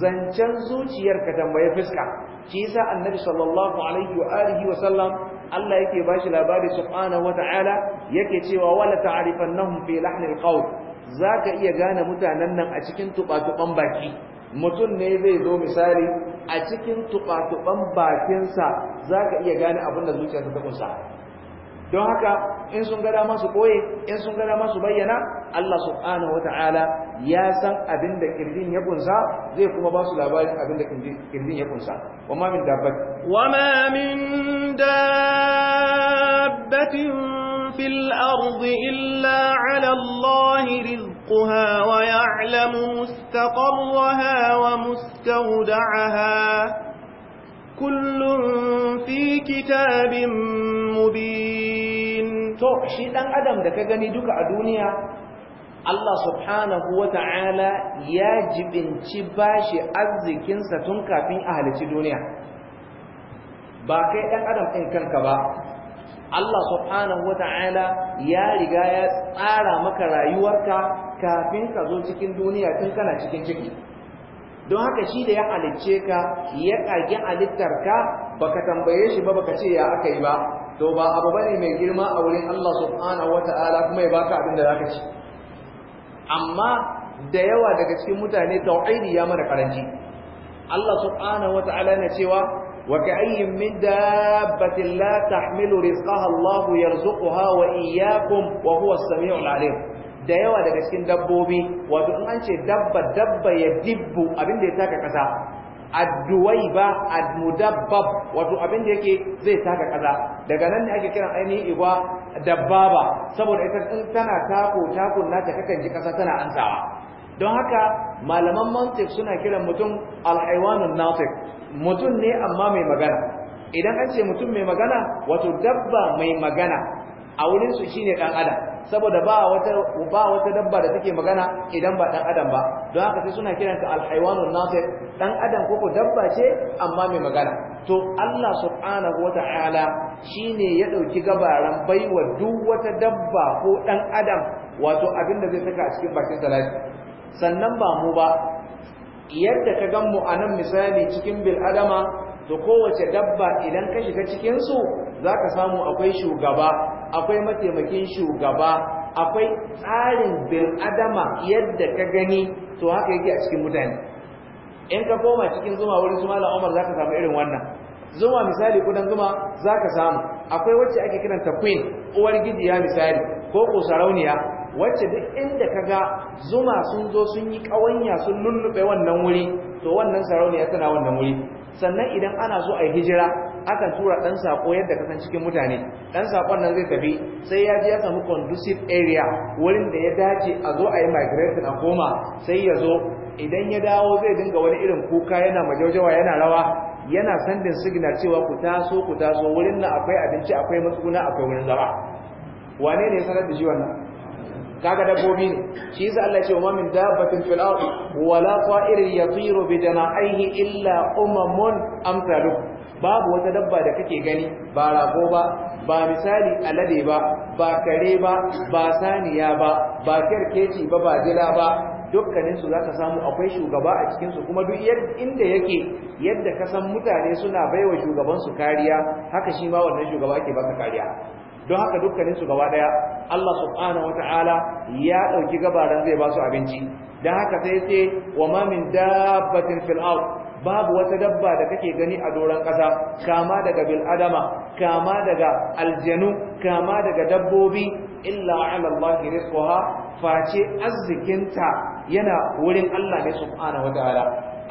zancen zuciyar ka tambaye fuska shi yasa annabi sallallahu alaihi wa sallam Allah yake bashi labari subhanahu wa ta'ala yake cewa wala ta'rifannahum fi lahnil qawl zaka iya gane mutanen nan a cikin tuba tuban baki mutum ne zai zo misali a cikin tuɓa-tuɓan bakinsa za ka iya gane abin da zuciyarsa ta kunsa don haka in sun gada masu ɓoye in sun gada masu bayyana Allah subhanahu wa ta'ala ya san abin da kirjin ya kunsa zai kuma ba su labarin abin da kirjin ya kunsa wa ma min dabbat في الأرض إلا على الله رزقها ويعلم مستقرها ومستودعها كل في كتاب مبين to shi dan adam da ka gani duka a duniya Allah subhanahu ta'ala ya jibinci bashi arzikinsa tun kafin a halici duniya ba kai dan adam ɗin kanka ba Allah subhanahu wata'ala ya riga ya tsara maka rayuwarka kafin ka zo cikin duniya tun kana cikin ciki don haka shi da ya halicce ka ya kage halittarka baka tambaye shi ba baka ce ya aka yi ba to ba abu bane mai girma a wurin Allah subhanahu wata'ala kuma ya baka abin da zaka ci amma da yawa daga cikin mutane tauhidi ya mara karanci Allah subhanahu wata'ala na cewa وكأي من دابة لا تحمل رزقها الله يرزقها وإياكم وهو السميع العليم da yawa daga cikin dabbobi wato in an ce dabba dabba ya dibbu da ya taka kasa adduwai ba admudabbab wato abin da yake zai taka kasa daga nan ne ake kiran ainihin igwa dabbaba saboda ita in tana tako takun nata kakan ji kasa tana ansawa don haka malaman mantik suna kiran mutum alhaiwanun natik mutum ne amma mai magana idan an ce mutum mai magana wato dabba mai magana a wurin su shine ɗan adam saboda ba wata dabba da take magana idan ba dan adam ba don haka sai suna kiranta alhaywanun nasir dan adam ko dabba ce amma mai magana to Allah subhanahu shi ne ya ɗauki gabaran baiwa duk wata dabba ko ɗan adam wato abin da zai saka a cikin bakin salati sannan ba mu ba yadda ka gan mu nan misali cikin bil'adama da kowace dabba idan ka shiga cikinsu za ka samu akwai shugaba akwai mataimakin shugaba akwai tsarin bil'adama yadda ka gani to haka yake a cikin mutane in ka koma cikin zuma wurin su malam umar za ka samu irin wannan zuma misali kudan zuma za ka samu akwai wacce ake kiranta queen uwar gijiya misali ko ko sarauniya wacce duk inda ka ga zuma sun zo sun yi ƙawanya sun lullube wannan wuri to wannan sarauniya tana wannan wuri sannan idan ana so a yi hijira akan tura ɗan saƙo yadda ka san cikin mutane ɗan saƙon nan zai tafi sai ya ji ya samu conducive area wurin da ya dace a zo a yi migration a koma sai ya zo idan ya dawo zai dinga wani irin kuka yana majaujawa yana rawa yana sandin signal cewa ku taso ku taso wurin nan akwai abinci akwai matsuguna akwai wurin zama wane ne sanar da shi wannan kaga dabbobi ne shi yasa Allah ya ce wa min dabbatin fil ard wa la yatiru bi jana'ihi illa umamun amsalu babu wata dabba da kake gani ba rago ba ba misali alade ba ba kare ba ba saniya ba ba kerkeci ba ba jira ba dukkanin su zaka samu akwai shugaba a cikin su kuma duk inda yake yadda ka mutane suna baiwa shugaban su kariya haka shi ma wannan shugaba ke baka kariya don haka dukkanin su gaba daya Allah subhanahu wataala ya dauki gabaran zai ba su abinci Don haka sai ce wa ma min dabbatin fil ard babu wata dabba da kake gani a doran kasa kama daga bil adama kama daga aljanu kama daga dabbobi illa ala Allah rizquha face arzikinta yana wurin Allah ne subhanahu wataala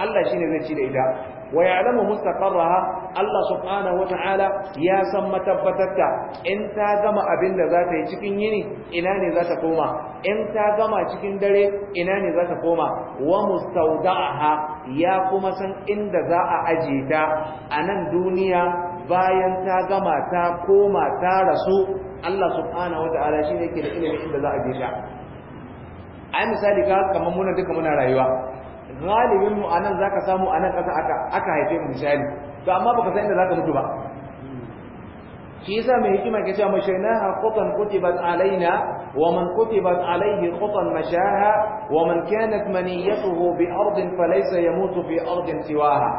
Allah shine zai ci da ita wa ya'lamu mustaqarraha Allah subhanahu wataala ya san matabbatarta in ta gama abin da za ta yi cikin yini ina ne za ta koma in ta gama cikin dare ina ne za ta koma wa mustawda'aha ya kuma san inda za a aje ta a nan duniya bayan ta gama ta koma ta rasu Allah subhanahu wataala ne ke da ilimin inda za a je ta ai misali ka kamar muna duka muna rayuwa galibin mu anan zaka samu anan kasa aka aka haife mu misali to amma baka san inda zaka mutu ba shi yasa mai hikima ke cewa mashaynaha kofan kutibat alaina wa man kutibat alaihi mashaha wa man kanat maniyatuhu bi ardin falaysa yamutu fi ardin siwaha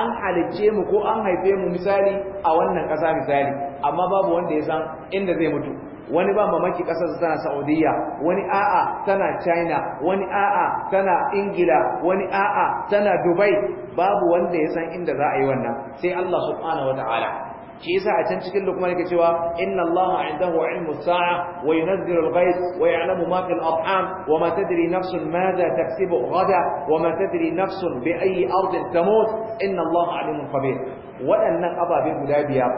an halicce mu ko an haife mu misali a wannan ƙasa misali amma babu wanda ya san inda zai mutu wani ba mamaki kasar tana Saudiya wani a'a tana China wani a'a tana Ingila wani a'a tana Dubai babu wanda ya san inda za a yi wannan sai Allah subhanahu wataala shi yasa a can cikin Luqman yake cewa inna Allaha 'indahu 'ilmu saa wa yunzilu al-ghayth wa ya'lamu ma fil arham wa ma tadri nafsun madha taksibu ghada wa ma tadri nafsun bi ayyi ardin tamut inna Allaha 'alimun khabir waɗannan ababe guda biyar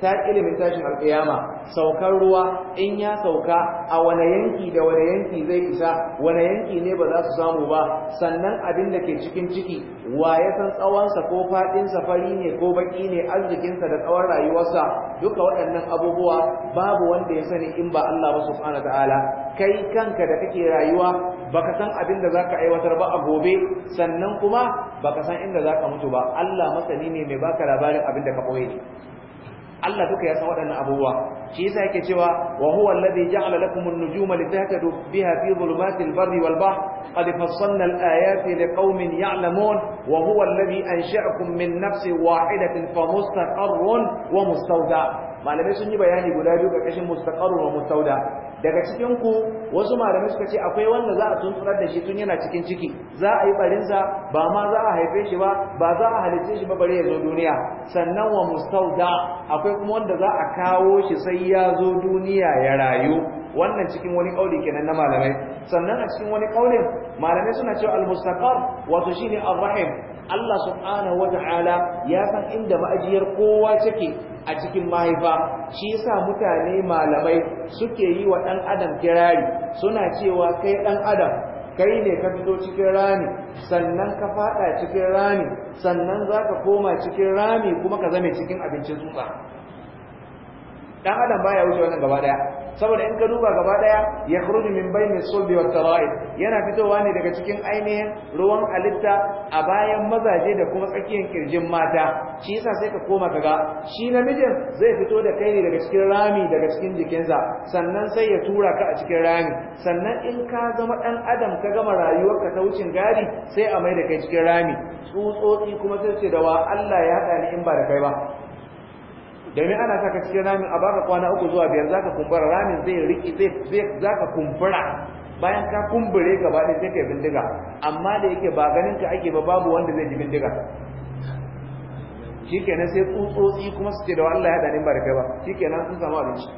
ta ilimin tashin alƙiyama saukar ruwa in ya sauka a wane yanki da wane yanki zai isa wane yanki ne ba za su samu ba sannan abin da ke cikin ciki wa ya san tsawonsa ko faɗinsa fari ne ko baƙi ne arzikinsa da tsawon rayuwarsa duka waɗannan abubuwa babu wanda ya sani in ba Allah ba subhanahu ta'ala kai kanka da kake rayuwa baka san abin da zaka aiwatar ba a gobe sannan kuma baka san inda zaka mutu ba Allah masani ne mai baka labarin abin da ka koyi Allah duka ya san waɗannan abubuwa shi yasa yake cewa wa huwa alladhi ja'ala lakum an-nujuma litahtadu biha fi dhulumatil barri wal bahr qad fassalna al-ayati liqaumin ya'lamun wa huwa alladhi ansha'akum min nafsin wahidatin fa mustaqarrun wa mustawda malamai sun yi bayani guda biyu kashin mustaqarrun wa mustawda daga cikin ku wasu malamai suka ce akwai wanda za a tuntunar da shi tun yana cikin ciki za a yi barinsa ba ma za a haife shi ba ba za a halitta shi ba bare ya zo duniya sannan wa mustauda akwai kuma wanda za a kawo shi sai ya zo duniya ya rayu wannan cikin wani kauli kenan na malamai sannan a cikin wani kaulin malamai suna cewa al-mustaqar wato shine ar-rahim Allah subhanahu ta'ala ya san inda ma'ajiyar kowa take a cikin mahaifa shi yasa mutane malamai suke yi wa ɗan adam kirari suna cewa kai ɗan adam kai ne ka fito cikin rami sannan ka fada cikin rami sannan za ka koma cikin rami kuma ka zame cikin abincin tsutsa ɗan adam baya wuce wannan gaba ɗaya saboda in ka duba gaba daya ya khruju min bayni sulbi wa tara'id yana fitowa ne daga cikin ainihin ruwan alitta a bayan mazaje da kuma tsakiyar kirjin mata shi yasa sai ka koma kaga shi namijin zai fito da kai ne daga cikin rami daga cikin jikinsa sannan sai ya tura ka a cikin rami sannan in ka zama dan adam ka gama rayuwar ka ta wucin gadi sai a mai da kai cikin rami tsutsotsi kuma sai ce da wa Allah ya haɗa ni in ba da kai ba domin ana saka cikin ramin a baka kwana uku zuwa biyar zaka kumbura ramin zai riki zai zai zaka kumbura bayan ka kumbure gaba ɗaya sai bindiga amma da yake ba ganin ka ake ba babu wanda zai ji bindiga shikenan sai tsutsotsi kuma su ce da Allah ya dani barka ba shikenan sun samu abinci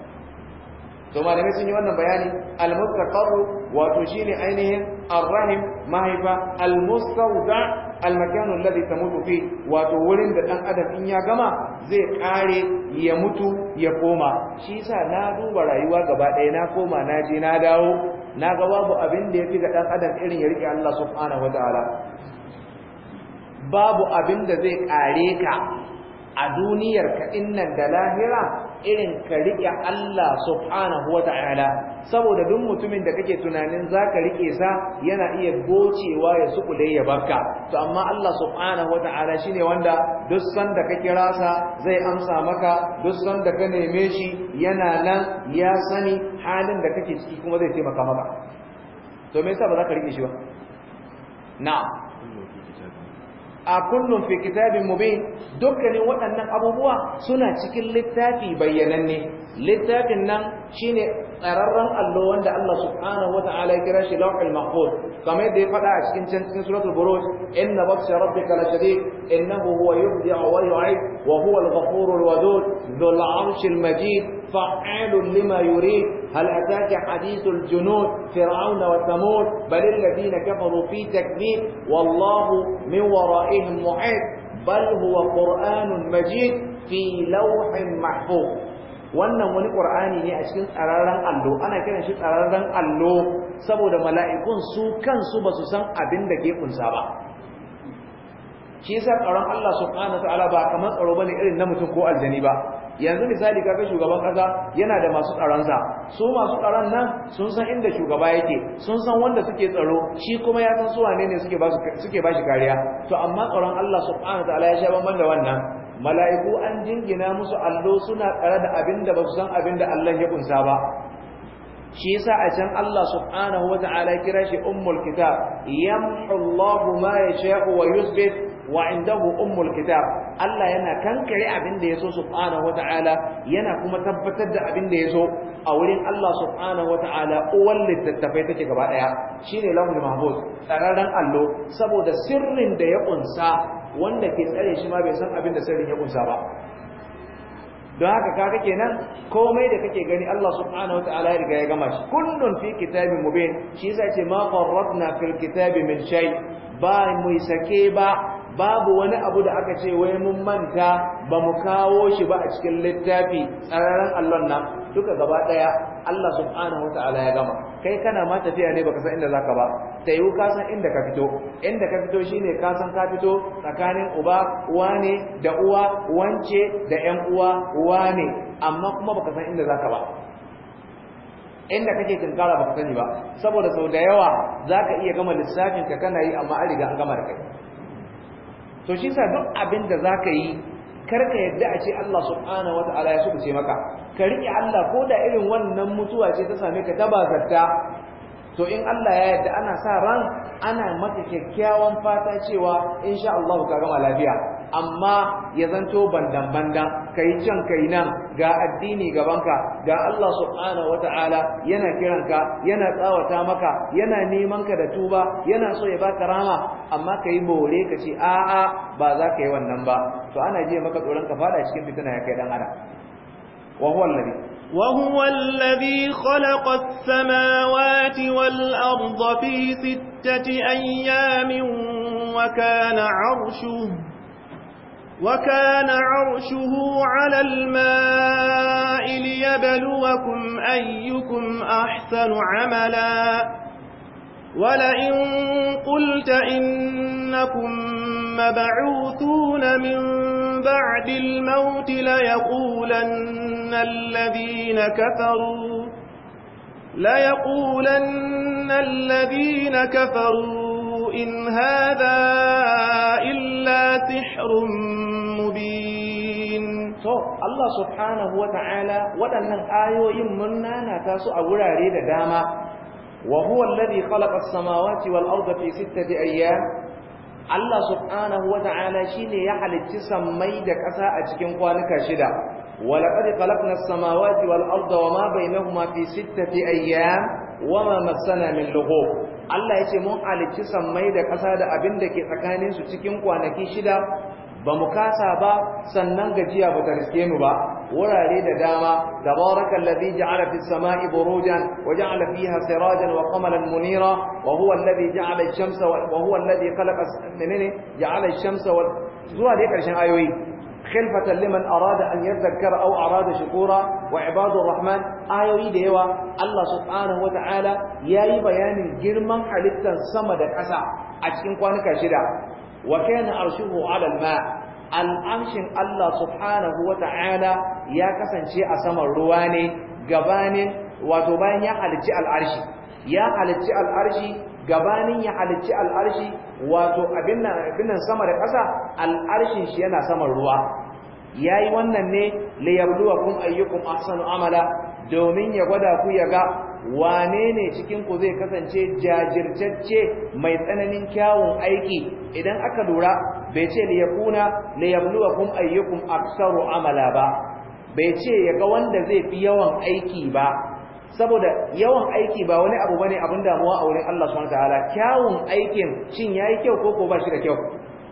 to malamai sun yi wannan bayani al-mustaqarru wato shine ainihin ar-rahim mahaifa al-mustawda almakanu alladhi tamutu fi wato wurin da dan adam in ya gama zai kare ya mutu ya koma shi yasa na duba rayuwa gaba ɗaya na koma na je na dawo na ga babu abin da yafi ga dan adam irin ya rike Allah subhanahu wataala babu abin da zai kare ka a duniyar ka innan da lahira irin ka riƙe Allah subhanahu wa ta'ala saboda duk mutumin da kake tunanin za ka riƙe sa yana iya gocewa ya dai ya barka to amma Allah subhanahu wa ta'ala shi ne wanda duk sanda ka kira sa zai amsa maka duk sanda ka neme shi yana nan ya sani halin da kake ciki kuma zai taimaka maka to me yasa ba za ka riƙe shi ba na'am a kullum fi kitabin mubin dukkanin waɗannan abubuwa suna cikin littafi bayyananne littafin nan shine tsararren allo wanda Allah subhanahu wa ta'ala ya kira shi lawhul mahfuz kamar yadda ya faɗa a cikin can cikin suratul buruj inna batsha rabbika la shadid innahu huwa yubdi'u wa yu'id wa huwa al-ghafurur wadud dhul 'arshil majid فعال لما يريد هل أتاك حديث الجنود فرعون وثمود بل الذين كفروا في تكذيب والله من ورائهم محيط بل هو قرآن مجيد في لوح محفوظ wannan wani ƙur'ani ne a cikin tsararren allo ana kiran shi tsararren allo saboda mala'ikun su kansu ba su san abin da ke kunsa ba shi yasa tsaron Allah subhanahu wa ta'ala ba kamar tsaro bane irin na mutum ko aljani ba yanzu misali kaga shugaban kasa yana da masu tsaronsa su masu tsaron nan sun san inda shugaba yake sun san wanda suke tsaro shi kuma ya san su wane ne suke ba shi kariya to amma tsaron Allah subhanahu wataala ya sha banban da wannan mala'iku an jingina musu allo suna tsare da abinda ba su san da Allah ya kunsa ba shi yasa a can Allah subhanahu wataala kira shi ummul kitab yamhu Allahu ma yasha'u wa yuthbit wa indahu ummul kitab Allah yana kankare abin da yaso subhanahu wataala yana kuma tabbatar da abin da yaso a wurin Allah subhanahu wataala uwal littattafai take gaba daya shine lahul mahfuz tsararren allo saboda sirrin da ya kunsa wanda ke tsare shi ma bai san abin da sirrin ya kunsa ba don haka kaga kenan komai da kake gani Allah subhanahu wataala ya riga ya gama shi kullun fi kitabin mubin shi yasa ce ma farratna fil kitabi min shay ba mu sake ba babu wani abu da aka ce wai mun manta ba mu kawo shi ba a cikin littafi tsararren Allah nan duka gaba daya Allah subhanahu Ta'ala ya gama kai kana ma tafiya ne baka san inda zaka ba ta ka san inda ka fito inda ka fito shine ka san ka fito tsakanin uba wane da uwa wance da 'yan uwa wane amma kuma baka san inda zaka ba inda kake tunkara baka sani ba saboda sau da yawa zaka iya gama lissafin ka kana yi amma an riga an gama da kai to shi sa duk abin da za ka yi karka yadda a ce Allah subhanahu wa ta'ala ya ce maka ka riƙe Allah ko da irin wannan mutuwa ce ta same ka ta bazarta to in Allah ya yadda ana sa ran ana maka kyakkyawan fata cewa insha Allah ka gama lafiya amma ya zanto bandan bandan kai can kai nan ga addini gabanka ga Allah subhanahu wata'ala yana kiranka yana tsawata maka yana neman ka da tuba yana so ya baka rama amma kai bore ka ce a'a ba za ka yi wannan ba to ana jiya maka tsoron ka fada cikin fitina ya kai dan adam wa huwa alladhi وهو الذي wal السماوات والأرض في ستة أيام وكان عرشه وكان عرشه على الماء ليبلوكم أيكم أحسن عملا ولئن قلت إنكم مبعوثون من بعد الموت ليقولن الذين كفروا ليقولن الذين كفروا إن هذا إلا سحر مبين to Allah subhanahu wata'ala waɗannan ayoyin mun nanata su a wurare da dama wa huwa alladhi khalaqa as-samawati wal arda fi sittati ayyam Allah subhanahu wata'ala shine ya halicci sammai da ƙasa a cikin kwanuka shida ولقد خلقنا السماوات ma وما بينهما في ستة أيام وما مسنا min لغوب Allah ya ce mun halicci sammai da ƙasa da abin da ke tsakaninsu cikin kwanaki shida ba mu kasa ba sannan gajiya ba ta riske mu ba wurare da dama tabarakal ladhi ja'ala fis sama'i burujan wa ja'ala fiha sirajan wa qamaran munira wa huwa alladhi ja'ala ash-shamsa wa huwa alladhi khalaqa menene ja'ala ash-shamsa wa zuwa dai karshen ayoyi khilfatan liman arada an yadhakkara aw arada shukura wa ibadur rahman ayoyi da yawa Allah subhanahu wataala yayi bayanin girman halittar sama da ƙasa a cikin kwanuka shida wa kana arshuhu ala alma al'arshin Allah subhanahu wataala ya kasance a saman ruwa ne gabanin wato bayan ya halicci al'arshi ya halicci al'arshi gabanin ya halicci al'arshi wato abin nan sama da ƙasa al'arshin shi yana saman ruwa Ya yi wannan ne li kun ayyukun asanu amala domin ya gwada ku ya ga wane ne cikin zai kasance jajirtacce mai tsananin kyawun aiki idan aka lura bai ce li yakuna li kun ayyukan aksaru amala ba bai ce ya ga wanda zai fi yawan aiki ba saboda yawan aiki ba wani abu bane abin damuwa a wurin Allah subhanahu wataala kyawun aikin shin yayi kyau ko ko ba shi da kyau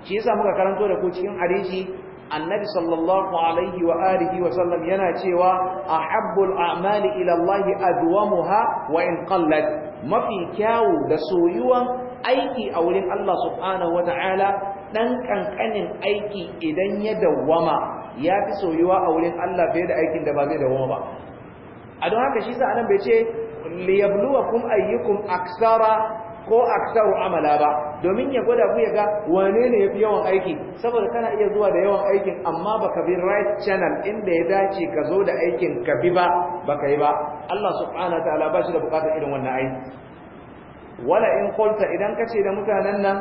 shi yasa muka karanto da ku cikin hadisi annabi sallallahu alaihi wa alihi wa sallam yana cewa ahabbul a'mali ila Allah adwamuha wa in qallat mafi kyawu da soyuwan aiki a wurin Allah subhanahu wataala dan kankanin aiki idan ya dawwama ya fi soyuwa a wurin Allah fiye da aikin da ba zai dawwama ba a don haka shi sa anan bai ce liyabluwakum ayyukum aksara ko aksaru amala ba domin ya gwada ku ya ga wane ne yafi yawan aiki saboda kana iya zuwa da yawan aikin amma baka bi right channel inda ya dace ka zo da aikin ka bi ba baka yi ba Allah subhanahu ta'ala ba shi da bukatar irin wannan aiki wala in qulta idan kace da mutanen nan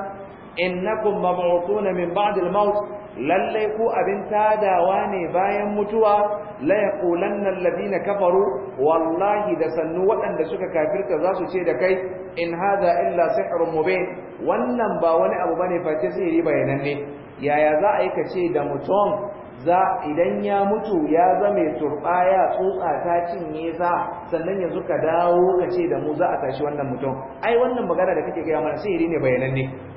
innakum mab'utuna min ba'd al-maut lallai ko abin tadawa ne bayan mutuwa la yaqulanna alladhina kafaru wallahi da sannu waɗanda suka kafirta za su ce da kai in hadha illa sihrun mubin wannan ba wani abu bane face sihiri bayananne yaya za a yi kace da mutum za idan ya mutu ya zame turbaya tsotsa ta cinye sa sannan yanzu ka dawo ka ce da mu za a tashi wannan mutum ai wannan magana da kake gaya mana sihiri ne bayananne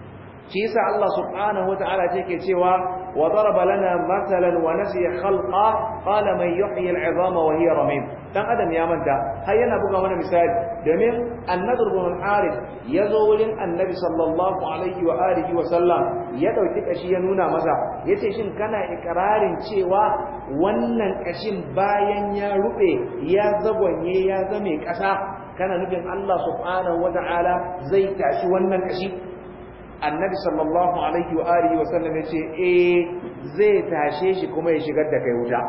shi yasa Allah subhanahu wataala yake cewa wa daraba lana matalan wa nasiya khalqa qala man yuhyi al'izama wa hiya ramim dan adam ya manta har yana buga mana misali domin annabi ibn harith ya zo wurin annabi sallallahu alaihi wa alihi wa sallam ya dauki kashi ya nuna masa yace shin kana ikrarin cewa wannan kashin bayan ya rube ya zagonye ya zame kasa kana nufin Allah subhanahu wataala zai tashi wannan kashi annabi sallallahu alaihi wa alihi wa sallam ya ce eh zai tashe shi kuma ya shigar da kai wuta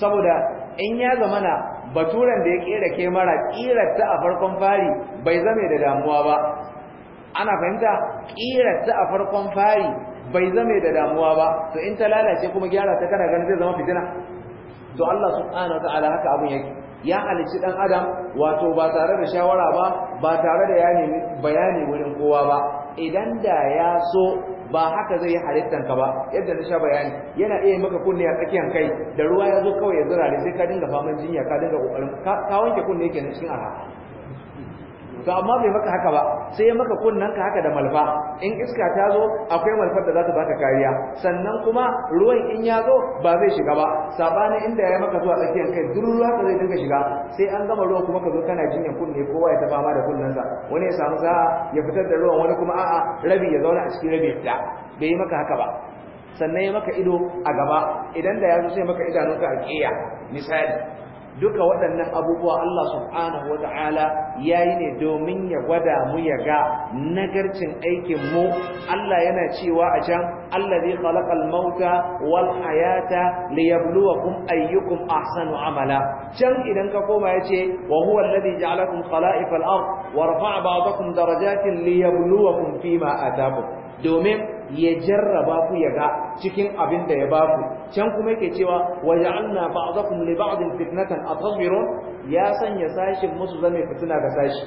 saboda in ya zama na baturan da ya kera ke kemara kirarta a farkon fari bai zame da damuwa ba ana fahimta kirarta a farkon fari bai zame da damuwa ba to in ta lalace kuma gyara ta kana ganin zai zama fitina to Allah subhanahu wa ta'ala haka abun yake ya halici dan adam wato ba tare da shawara ba ba tare da bayani wurin kowa ba idan da ya so ba haka zai yi halittan ka ba yadda na sha bayani yana iya maka kunne a tsakiyar kai da ruwa ya zo kawai ya zura ne sai ka dinga faman jinya ka dinga kokarin ka wanke kunne yake cikin arha to amma bai maka haka ba sai ya maka kunnen ka haka da malfa in iska ta zo akwai malfar da za ta baka kariya sannan kuma ruwan in ya zo ba zai shiga ba sabani inda ya maka zuwa tsakiyar kai duk ruwa ka zai dinga shiga sai an gama ruwan kuma ka zo kana jinyar kunne kowa ya tafa ma da kunnensa wani ya samu sa'a ya fitar da ruwan wani kuma a'a rabi ya zauna a cikin rabi ta. bai yi maka haka ba sannan ya maka ido a gaba idan da ya zo sai maka idanunka a ƙeya misali duka waɗannan abubuwa Allah subhanahu wa ta'ala ya yi ne domin ya gwada mu ya ga nagarcin aikin mu Allah yana cewa a can zai khalaqal mauta wal hayata liyabluwakum ayyukum ahsanu amala can idan ka koma yace wa huwa alladhi ja'alakum khala'ifal ard wa rafa'a ba'dakum darajatin liyabluwakum fima ataakum domin ya jarraba ku ya ga cikin abin da ya ba ku can kuma yake cewa wa ja'alna ba'dakum li ba'din fitnatan atasbirun ya sanya sashin musu zame fitina ga sashi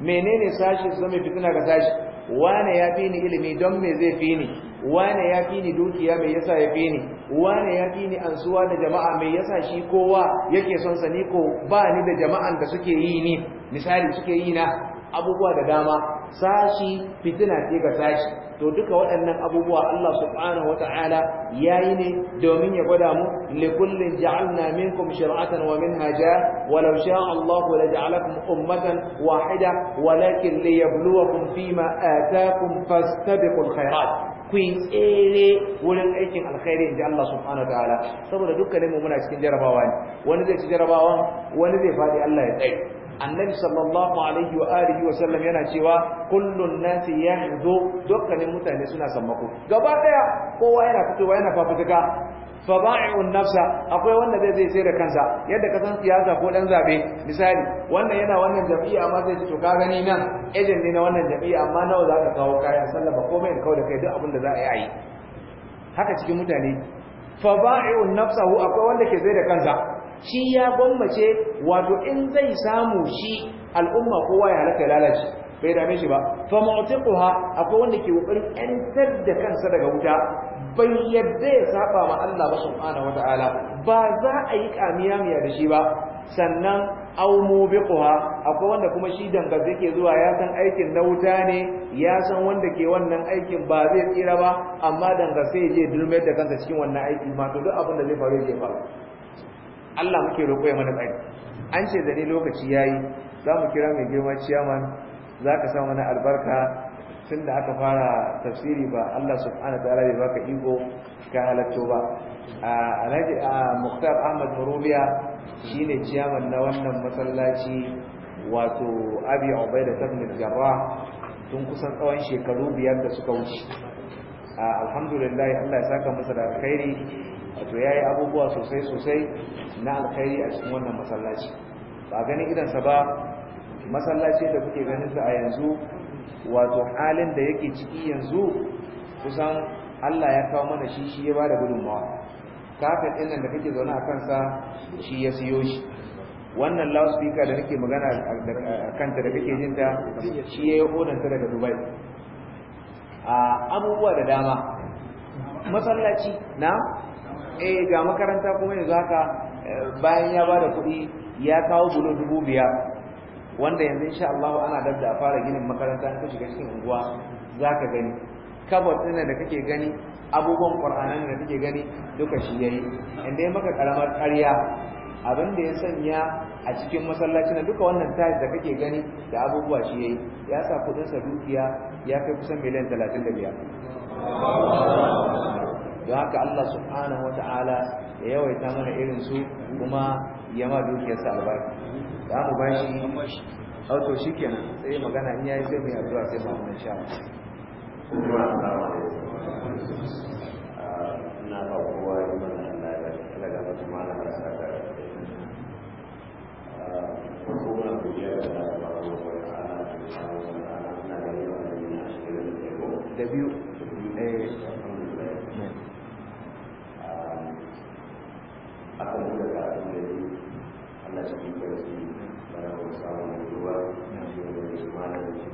menene sashi zame fitina ga sashi wane ya fi ni ilimi don me zai fi ni wane ya fi ni dukiya me yasa ya fi ni wane ya fi ni ansuwa da jama'a me yasa shi kowa yake son sa ni ko ba ni da jama'an da suke yi ni misali suke yi na abubuwa da dama sashi fitina ce ga sashi to duka waɗannan abubuwa Allah subhanahu ya yayi ne domin ya gwada mu li kullin ja'alna minkum shir'atan wa minhaja walau sha'a Allah la ja'alakum ummatan wahida walakin liyabluwakum fima ataakum fastabiqul khairat ku tsere wurin aikin alkhairi inji Allah subhanahu ta'ala saboda mu muna cikin jarabawa ne wani zai ci jarabawan wani zai faɗi Allah ya tsaye annabi sallallahu alaihi wa alihi wa sallam yana cewa kullun nasi yahdhu dukkanin mutane suna sammako gaba daya kowa yana fitowa yana fafutuka faba'i'un nafsa akwai wanda zai zai sai da kansa yadda ka san siyasa ko dan zabe misali wannan yana wannan jami'a amma zai ci to ka gani nan ejen ne na wannan jami'a amma nawa zaka kawo kaya sallaba komai in kawo da kai duk abin da za a yi a yi haka cikin mutane faba'i'un nafsahu akwai wanda ke zai da kansa shi ya gwammace wato in zai samu shi al'umma kowa ya halaka ya lalace bai dame shi ba fa mu'tiquha akwai wanda ke kokarin yantar da kansa daga wuta bai yadda ya saba ma Allah ba subhanahu wataala ba za a yi kamiya miya da shi ba sannan aw mubiquha akwai wanda kuma shi danga yake zuwa ya san aikin na wuta ne ya san wanda ke wannan aikin ba zai tsira ba amma dangaze ya je dulmar da kansa cikin wannan aiki ma to duk abin da zai faru zai faru Allah muke roƙo ya mana tsari an ce da ni lokaci yayi za mu kira mai girma ciyaman za ka sa mana albarka tunda aka fara tafsiri ba Allah subhanahu wa ta'ala bai baka iko ka halatto ba alhaji Muktar Ahmad Murubiya shine ciyaman na wannan masallaci wato Abi Ubaida ibn Jarrah tun kusan tsawon shekaru biyar da suka wuce alhamdulillah Allah ya saka masa da alkhairi wato ya yi abubuwa sosai-sosai na alkhairi a cikin wannan masallaci ba ganin idansa ba masallaci da kuke ganin su a yanzu wato halin da yake ciki yanzu kusan Allah ya kawo mana shi shi ya ba da gudunmawa kafin ɗin nan da kake zaune a kansa shi ya siyo shi wannan loudspeaker da nake magana a kanta da kake jinta shi ya yi daga dubai a abubuwa da dama masallaci na eh ga makaranta kuma yanzu haka eh, bayan ya bada kuɗi ya kawo bulo dubu biyar wanda yanzu insha Allah ana da a fara ginin makaranta in shiga cikin unguwa za gani kabar din da kake gani abubuwan qur'ani da kake gani duka shi yayi inda maka ƙaramar ƙarya abin da ya sanya a cikin masallaci na duka wannan tayi da kake gani da abubuwa shi yayi ya sa kudin sa dukiya ya kai kusan miliyan 35 don haka Allah subhanahu wata'ala ya yawaita mana irin su kuma ya ma sa albarka Da mu ba shi auto shikenan sai magana in yayi sai yi addu'a sai mu mun sha na ba kowa yi mana Allah ya daga mutum malam da saka ko na godiya da Allah ba ko ko ana ana na da biyu eh abin da ka abin da yi Allah shi da shi mana ba samu ruwa shi ne da shi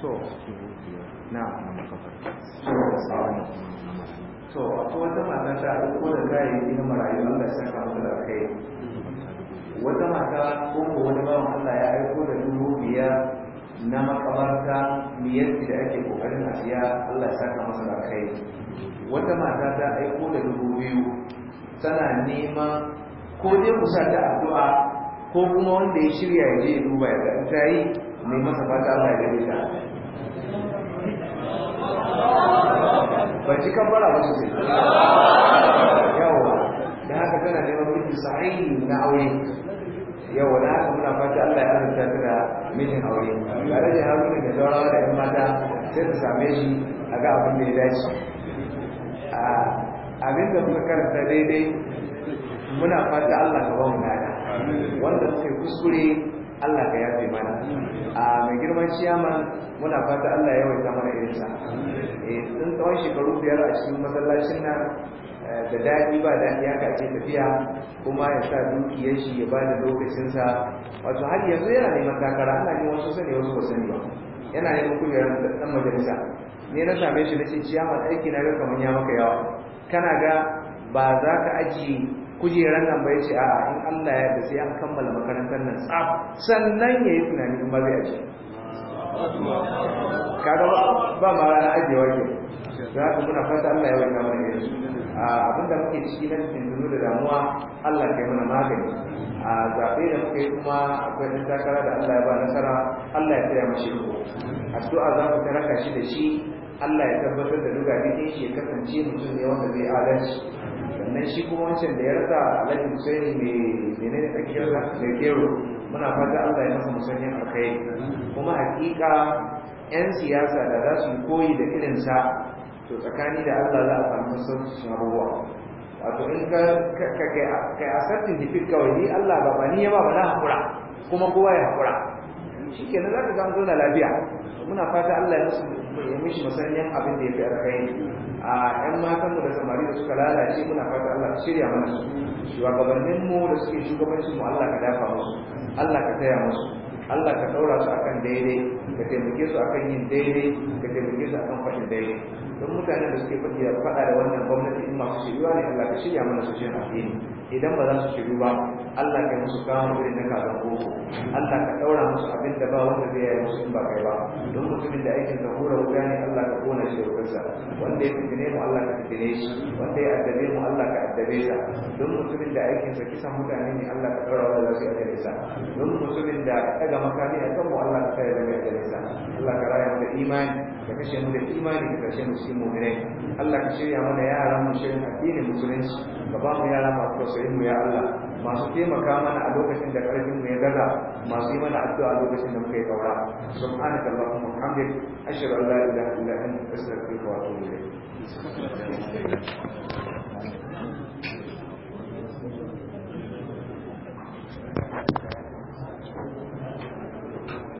to na to wata mata ta aiko da kayayyaki na marayu Allah ya kai wata ya aiko da dubu na makamarta miyar da ake kokarin a Allah ya kai wata ta aiko da biyu tana nema ko dai ta addu'a ko kuma wanda ya shirya ya je ya ta yi ne masa fata Allah ya gani ta ba ci kan bara ba su ce yawa da haka tana neman miji sahihi na aure yawa da haka muna fata Allah ya azurta ta da mijin aure tare da haruna da saurawa da 'yan mata sai ta same shi a ga abin da ya dace abin da muka karanta daidai muna fata Allah ka ba mu nada wanda suke kuskure Allah ka yafe mana a mai girman ciyama muna fata Allah ya ta mana irinsa eh sun tsawon shekaru biyar a cikin masallacin nan eh, da daɗi ba daɗi haka ce tafiya kuma ya sa dukiyar shi ya bada lokacinsa wato har yanzu yana neman takara ana yin wasu sani wasu ba sani ba yana neman kujerar ɗan majalisa ne na same shi na ce ciyama aiki na ga kamar ya maka yawa kana ga ba za ka ajiye kujeran nan bai ce a in Allah ya yarda sai an kammala makarantar nan tsaf sannan yayi tunani in ba zai aje kaga ba ma rana ajewa ke da haka muna fata Allah ya wanka mana yanzu. abin da muke ciki na cikin da damuwa Allah ke mana magani a zaɓe da muka yi kuma akwai ɗan takara da Allah ya ba nasara Allah ya tsaya mashi ko addu'a za ku taraka shi da shi Allah ya tabbatar da duka bikin shi ya kasance mutum ne wanda zai adalci sannan shi kuma wancan da ya rasa alhaji husaini mai ne tsakiyar da kero muna fata Allah ya masa musanyen alkhairi kuma hakika 'yan siyasa da za su koyi da irinsa to tsakani da Allah za a samu sassaucin abubuwa wato in ka kai asartin jifin kawai ni Allah ba ba ni ya ba ba na haƙura kuma kowa ya haƙura shi kenan za ka ga an zauna lafiya muna fata Allah ya musu ya mishi musanyen abin da ya fi arkayi. a ‘yan matan mu da samari da suka lalace muna fata Allah ya shirya mana su shugabannin mu da suke shugabancin mu Allah ka dafa musu Allah ka taya musu Allah ka ɗaura su akan daidai ka taimake su akan yin daidai ka taimake su akan faɗin daidai don mutanen da suke faɗi faɗa da wannan gwamnati in masu shiryuwa ne Allah ka shirya mana su ce na addini idan ba za su shiru ba Allah ka musu kawo irin na kazan boko Allah ka ɗaura musu abin da ba wanda zai yi musu in ba kai ba don mutumin da aikin ka hura wuta ne Allah ka kona shi da wutarsa wanda ya fitine mu Allah ka fitine shi wanda ya addabe mu Allah ka addabe sa don mutumin da aikin sa kisan mutane ne Allah ka ɗaura wanda za su yi don mutumin da ɗaga makami a kanmu Allah ka kare daga ajalinsa Allah ka raya da imani ka kashe mu da imani ka kashe mu cikin mu'minai Allah ka shirya mana yaran mu shirin addinin musulunci ka ba mu yara masu tausayin mu ya Allah masu taimaka mana a lokacin da karfin mu ya gaza masu yi mana addu'a a lokacin da muka yi kaura subhanaka allahumma hamdik ashhadu an la ilaha illa anta astaghfiruka wa atubu ilayk